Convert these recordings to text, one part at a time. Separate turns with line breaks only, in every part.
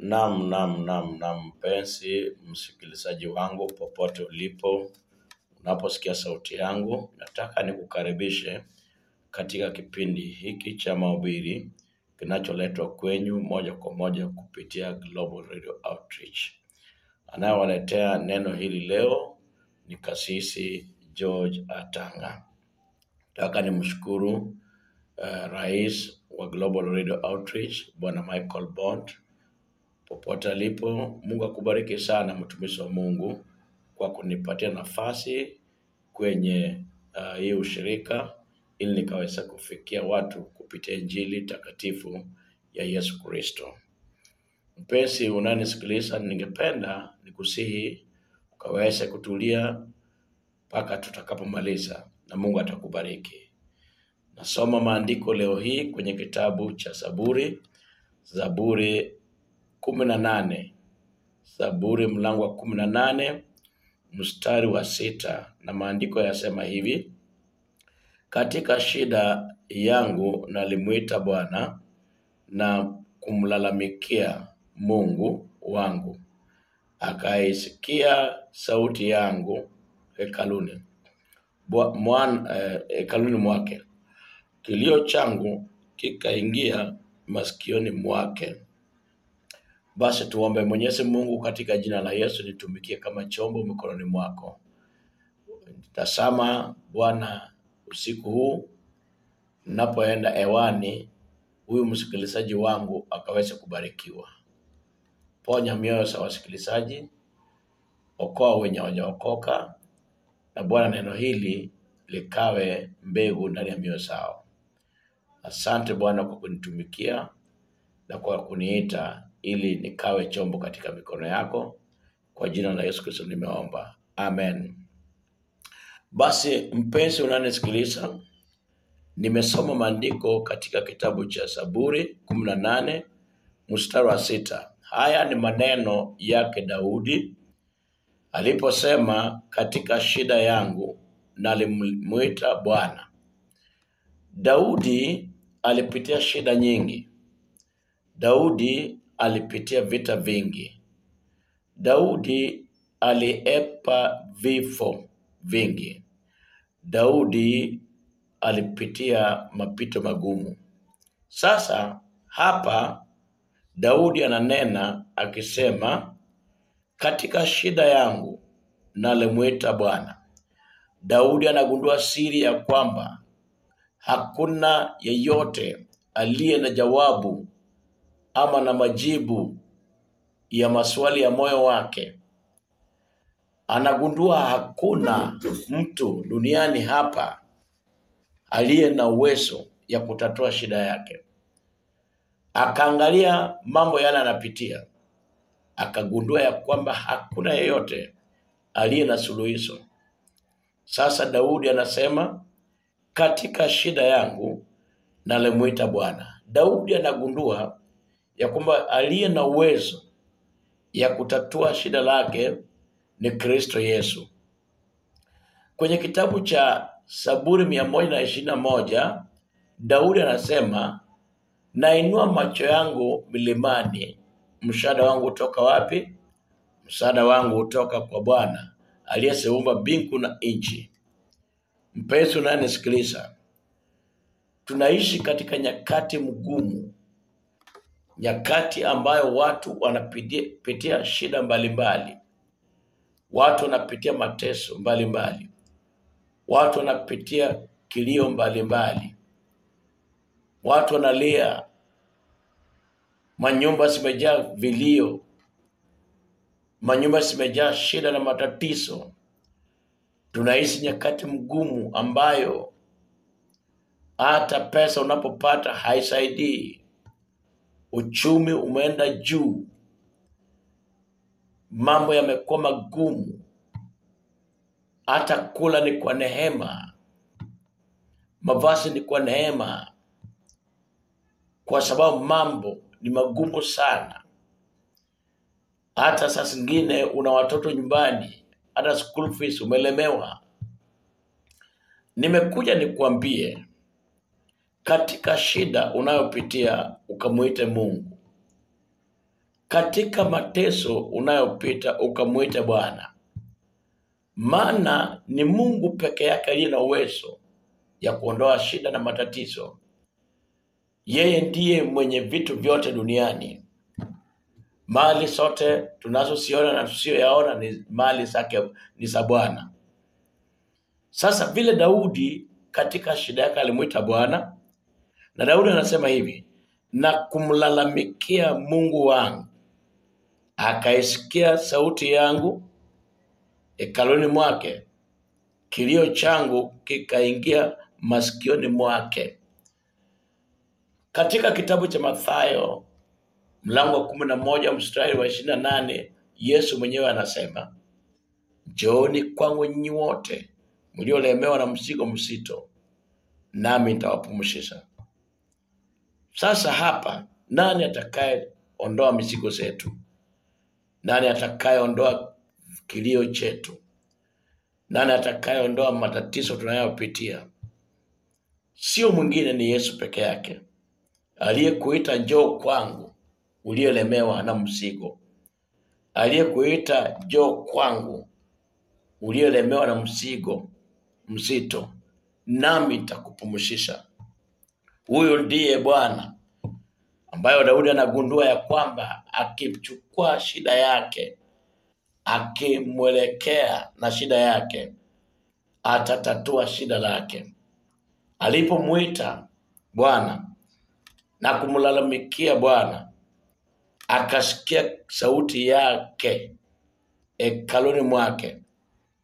nam nam nam nam, mpenzi msikilizaji wangu popote ulipo, unaposikia sauti yangu, nataka nikukaribishe katika kipindi hiki cha mahubiri kinacholetwa kwenyu moja kwa moja kupitia Global Radio Outreach. Anayewaletea neno hili leo ni Kasisi George Atanga. Nataka nimshukuru uh, rais wa Global Radio Outreach Bwana Michael Bond popote alipo. Mungu akubariki sana mtumishi wa Mungu kwa kunipatia nafasi kwenye uh, hii ushirika ili nikaweza kufikia watu kupitia Injili takatifu ya Yesu Kristo. Mpenzi unanisikiliza, ningependa nikusihi ukaweze kutulia mpaka tutakapomaliza na Mungu atakubariki. Nasoma maandiko leo hii kwenye kitabu cha Zaburi, Zaburi kumi na nane Zaburi mlango wa kumi na nane mstari wa sita na maandiko yasema hivi: katika shida yangu nalimwita Bwana na kumlalamikia Mungu wangu, akaisikia sauti yangu hekaluni mwan, eh, hekaluni mwake, kilio changu kikaingia masikioni mwake. Basi tuombe. Mwenyezi Mungu, katika jina la Yesu nitumikie kama chombo mikononi mwako. Tazama Bwana, usiku huu napoenda hewani, huyu msikilizaji wangu akaweze kubarikiwa. Ponya mioyo za wasikilizaji, okoa wenye hawajaokoka, na Bwana, neno hili likawe mbegu ndani ya mioyo zao. Asante Bwana kwa kunitumikia na kwa kuniita ili nikawe chombo katika mikono yako. Kwa jina la Yesu Kristo nimeomba, amen. Basi mpenzi unanisikiliza, nimesoma maandiko katika kitabu cha Saburi kumi na nane mstari wa sita. Haya ni maneno yake Daudi aliposema, katika shida yangu nalimwita Bwana. Daudi alipitia shida nyingi. Daudi alipitia vita vingi. Daudi aliepa vifo vingi. Daudi alipitia mapito magumu. Sasa hapa Daudi ananena akisema, katika shida yangu nalimwita Bwana. Daudi anagundua siri ya kwamba hakuna yeyote aliye na jawabu ama na majibu ya maswali ya moyo wake, anagundua hakuna mtu duniani hapa aliye na uwezo ya kutatua shida yake. Akaangalia mambo yale anapitia, akagundua ya kwamba hakuna yeyote aliye na suluhisho. Sasa Daudi anasema katika shida yangu nalimwita Bwana. Daudi anagundua ya kwamba aliye na uwezo ya kutatua shida lake ni Kristo Yesu. Kwenye kitabu cha Saburi mia moja na ishirini na moja Daudi anasema, nainua macho yangu milimani, msaada wangu utoka wapi? Msaada wangu utoka kwa Bwana aliyeseumba mbingu na nchi. Mpenzi unayenisikiliza, tunaishi katika nyakati mgumu nyakati ambayo watu wanapitia shida mbalimbali mbali. Watu wanapitia mateso mbalimbali mbali. Watu wanapitia kilio mbalimbali mbali. Watu wanalia, manyumba zimejaa vilio, manyumba zimejaa shida na matatizo. tunahisi nyakati mgumu ambayo hata pesa unapopata haisaidii uchumi umeenda juu, mambo yamekuwa magumu, hata kula ni kwa neema, mavazi ni kwa neema, kwa sababu mambo ni magumu sana. Hata saa zingine una watoto nyumbani, hata school fees umelemewa. Nimekuja nikuambie katika shida unayopitia ukamwite Mungu, katika mateso unayopita ukamwite Bwana, maana ni Mungu peke yake aliye na uwezo ya kuondoa shida na matatizo. Yeye ndiye mwenye vitu vyote duniani. Mali zote tunazosiona na tusiyoyaona ni mali zake, ni za Bwana. Sasa vile Daudi katika shida yake alimwita Bwana na Daudi anasema hivi, na kumlalamikia Mungu wangu, akaisikia sauti yangu hekaluni mwake, kilio changu kikaingia masikioni mwake. Katika kitabu cha Mathayo mlango wa kumi na moja mstari wa ishirini na nane Yesu mwenyewe anasema Njooni kwangu nyi wote mliolemewa na mzigo mzito, nami nitawapumzisha. Sasa hapa nani atakayeondoa mizigo zetu? Nani atakayeondoa kilio chetu? Nani atakayeondoa matatizo tunayopitia? Sio mwingine, ni Yesu peke yake, aliyekuita njoo kwangu uliyelemewa na mzigo, aliyekuita njoo kwangu uliyelemewa na mzigo mzito, nami nitakupumzisha. Huyu ndiye Bwana ambayo Daudi anagundua ya kwamba akichukua shida yake, akimwelekea na shida yake, atatatua shida lake. Alipomwita Bwana na kumlalamikia Bwana, akasikia sauti yake hekaluni mwake,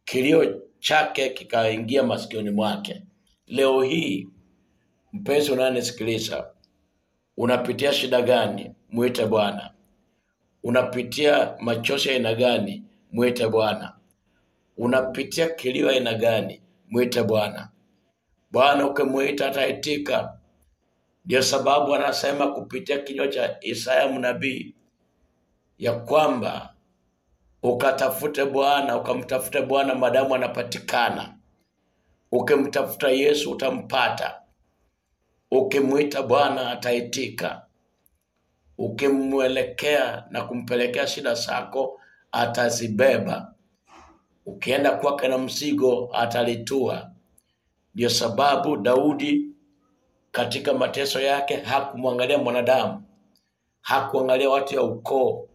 kilio chake kikaingia masikioni mwake. Leo hii Mpenzi unayenisikiliza, unapitia shida gani? Mwite Bwana. Unapitia machozi aina gani? Mwite Bwana. Unapitia kilio aina gani? Mwite Bwana. Bwana ukimwita ataitika. Ndio sababu anasema kupitia kinywa cha Isaya mnabii ya kwamba ukatafute Bwana, ukamtafute Bwana madamu anapatikana. Ukimtafuta Yesu utampata. Ukimwita Bwana ataitika, ukimwelekea na kumpelekea shida zako atazibeba, ukienda kwake na mzigo atalitua. Ndio sababu Daudi katika mateso yake hakumwangalia mwanadamu, hakuangalia watu ya ukoo,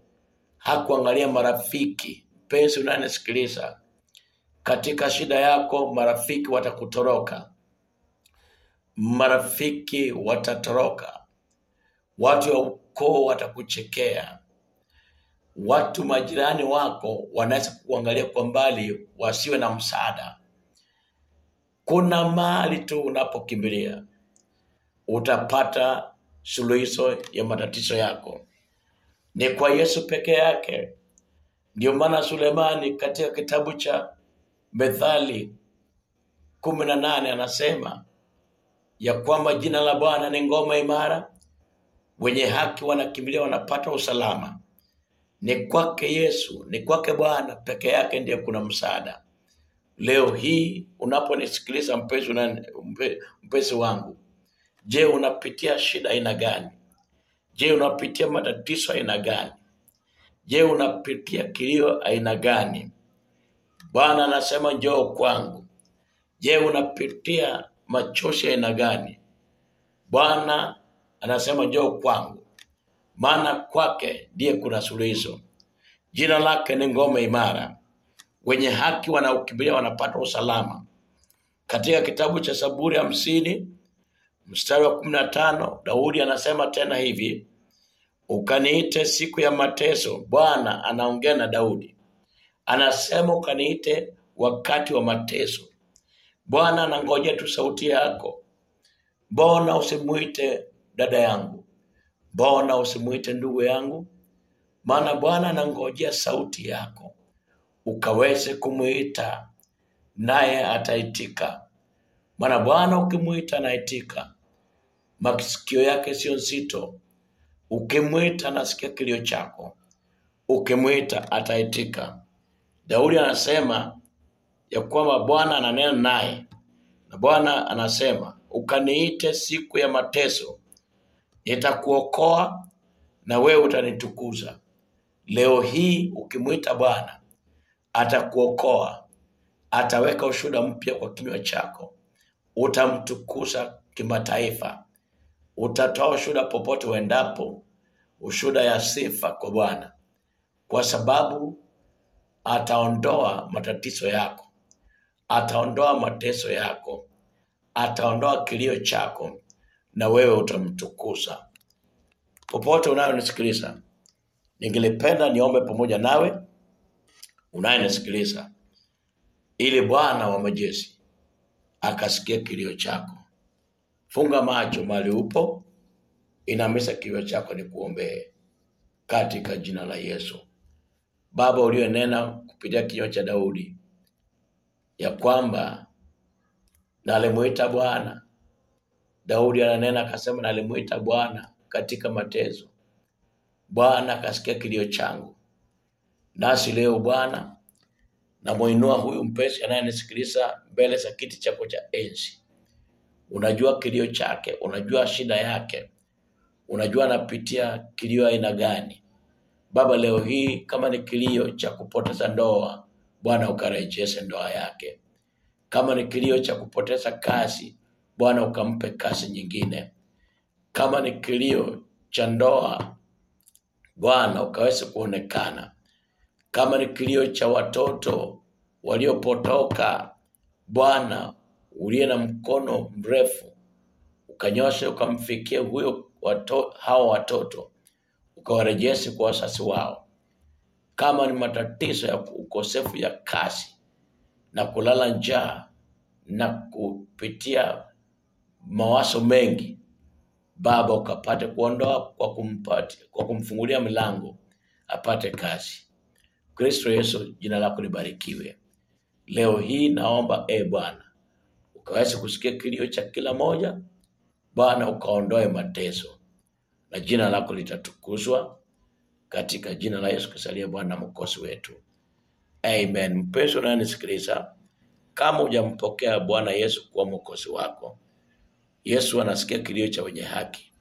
hakuangalia marafiki. Mpenzi unayenisikiliza, katika shida yako marafiki watakutoroka, marafiki watatoroka, watu wa ukoo watakuchekea, watu majirani wako wanaweza kuangalia kwa mbali, wasiwe na msaada. Kuna mahali tu unapokimbilia utapata suluhisho ya matatizo yako, ni kwa Yesu peke yake. Ndio maana Sulemani katika kitabu cha Methali kumi na nane anasema ya kwamba jina la Bwana ni ngoma imara, wenye haki wanakimbilia, wanapata usalama. Ni kwake Yesu, ni kwake Bwana peke yake ndiye kuna msaada. Leo hii unaponisikiliza mpenzi mpenzi wangu, je, unapitia shida aina gani? Je, unapitia matatizo aina gani? Je, unapitia kilio aina gani? Bwana anasema njoo kwangu. Je, unapitia machozi aina gani. Bwana anasema njoo kwangu, maana kwake ndiye kuna suluhisho. Jina lake ni ngome imara, wenye haki wanaokimbilia wanapata usalama. Katika kitabu cha saburi hamsini mstari wa kumi na tano Daudi anasema tena hivi, ukaniite siku ya mateso. Bwana anaongea na Daudi, anasema ukaniite wakati wa mateso Bwana anangoja tu sauti yako. Mbona usimuite dada yangu? Mbona usimuite ndugu yangu? Maana Bwana anangojea sauti yako ukaweze kumuita, naye ataitika. Maana Bwana ukimuita anaitika, masikio yake sio nzito. Ukimwita anasikia kilio chako, ukimwita ataitika. Daudi anasema ya kwamba Bwana ananena naye, na Bwana anasema ukaniite siku ya mateso, nitakuokoa na wewe utanitukuza. Leo hii ukimwita Bwana atakuokoa, ataweka ushuhuda mpya kwa kinywa chako, utamtukuza kimataifa, utatoa ushuhuda popote uendapo, ushuhuda ya sifa kwa Bwana, kwa sababu ataondoa matatizo yako ataondoa mateso yako, ataondoa kilio chako, na wewe utamtukuza. Popote unayonisikiliza, ningelipenda niombe pamoja nawe unayenisikiliza, ili Bwana wa majeshi akasikia kilio chako. Funga macho mahali upo, inamisa kilio chako nikuombee katika jina la Yesu. Baba uliyonena kupitia kinywa cha Daudi ya kwamba alimuita Bwana. Daudi ananena akasema, nalimwita Bwana katika matezo Bwana akasikia kilio changu. Nasi leo Bwana namwinua huyu mpesi anayenisikiliza mbele za kiti chako cha enzi. Unajua kilio chake, unajua shida yake, unajua anapitia kilio aina gani. Baba, leo hii kama ni kilio cha kupoteza ndoa Bwana ukarejeshe ndoa yake. Kama ni kilio cha kupoteza kazi, Bwana ukampe kazi nyingine. Kama ni kilio cha ndoa, Bwana ukaweze kuonekana. Kama ni kilio cha watoto waliopotoka, Bwana uliye na mkono mrefu ukanyoshe, ukamfikie huyo wato, hao watoto ukawarejeshe kwa wazazi wao. Kama ni matatizo ya ukosefu ya kazi na kulala njaa na kupitia mawazo mengi, Baba ukapate kuondoa kwa kumpati, kwa kumfungulia milango apate kazi. Kristo Yesu, jina lako libarikiwe. Leo hii naomba e Bwana ukaweze kusikia kilio cha kila moja Bwana, ukaondoe mateso na jina lako litatukuzwa katika jina la Yesu Kristo aliye Bwana mkosi wetu Amen. Mpenzi unanisikiliza, kama hujampokea Bwana Yesu kuwa mwokozi wako, Yesu anasikia kilio cha wenye haki.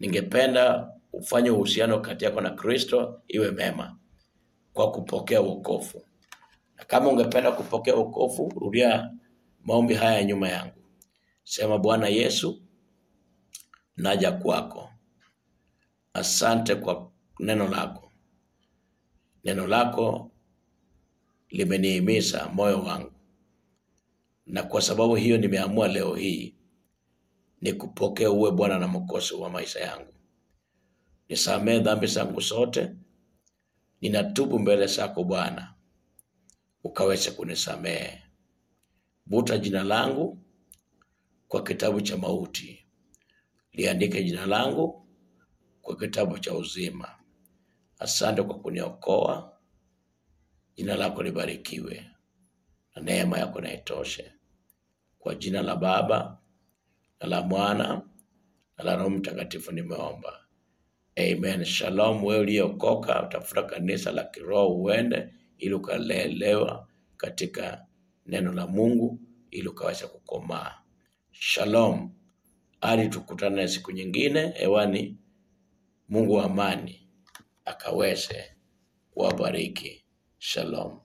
Ningependa ufanye uhusiano kati yako na Kristo iwe mema kwa kupokea wokovu. Na kama ungependa kupokea wokovu, rudia maombi haya nyuma yangu. Sema, Bwana Yesu, naja kwako, asante kwa neno lako. Neno lako limeniimiza moyo wangu, na kwa sababu hiyo nimeamua leo hii ni kupokea uwe Bwana na Mwokozi wa maisha yangu. Nisamee dhambi zangu zote, ninatubu mbele zako Bwana ukaweze kunisamehe. Vuta jina langu kwa kitabu cha mauti, liandike jina langu kwa kitabu cha uzima. Asante kwa kuniokoa. Jina lako libarikiwe na neema yako na itoshe, kwa jina la Baba na la Mwana na la Roho Mtakatifu nimeomba, amen. Shalom. Wewe uliokoka utafuta kanisa la kiroho uende, ili ukalelewa katika neno la Mungu, ili ukaweza kukomaa. Shalom, hadi tukutane siku nyingine hewani. Mungu wa amani akaweze kuwabariki. Shalom.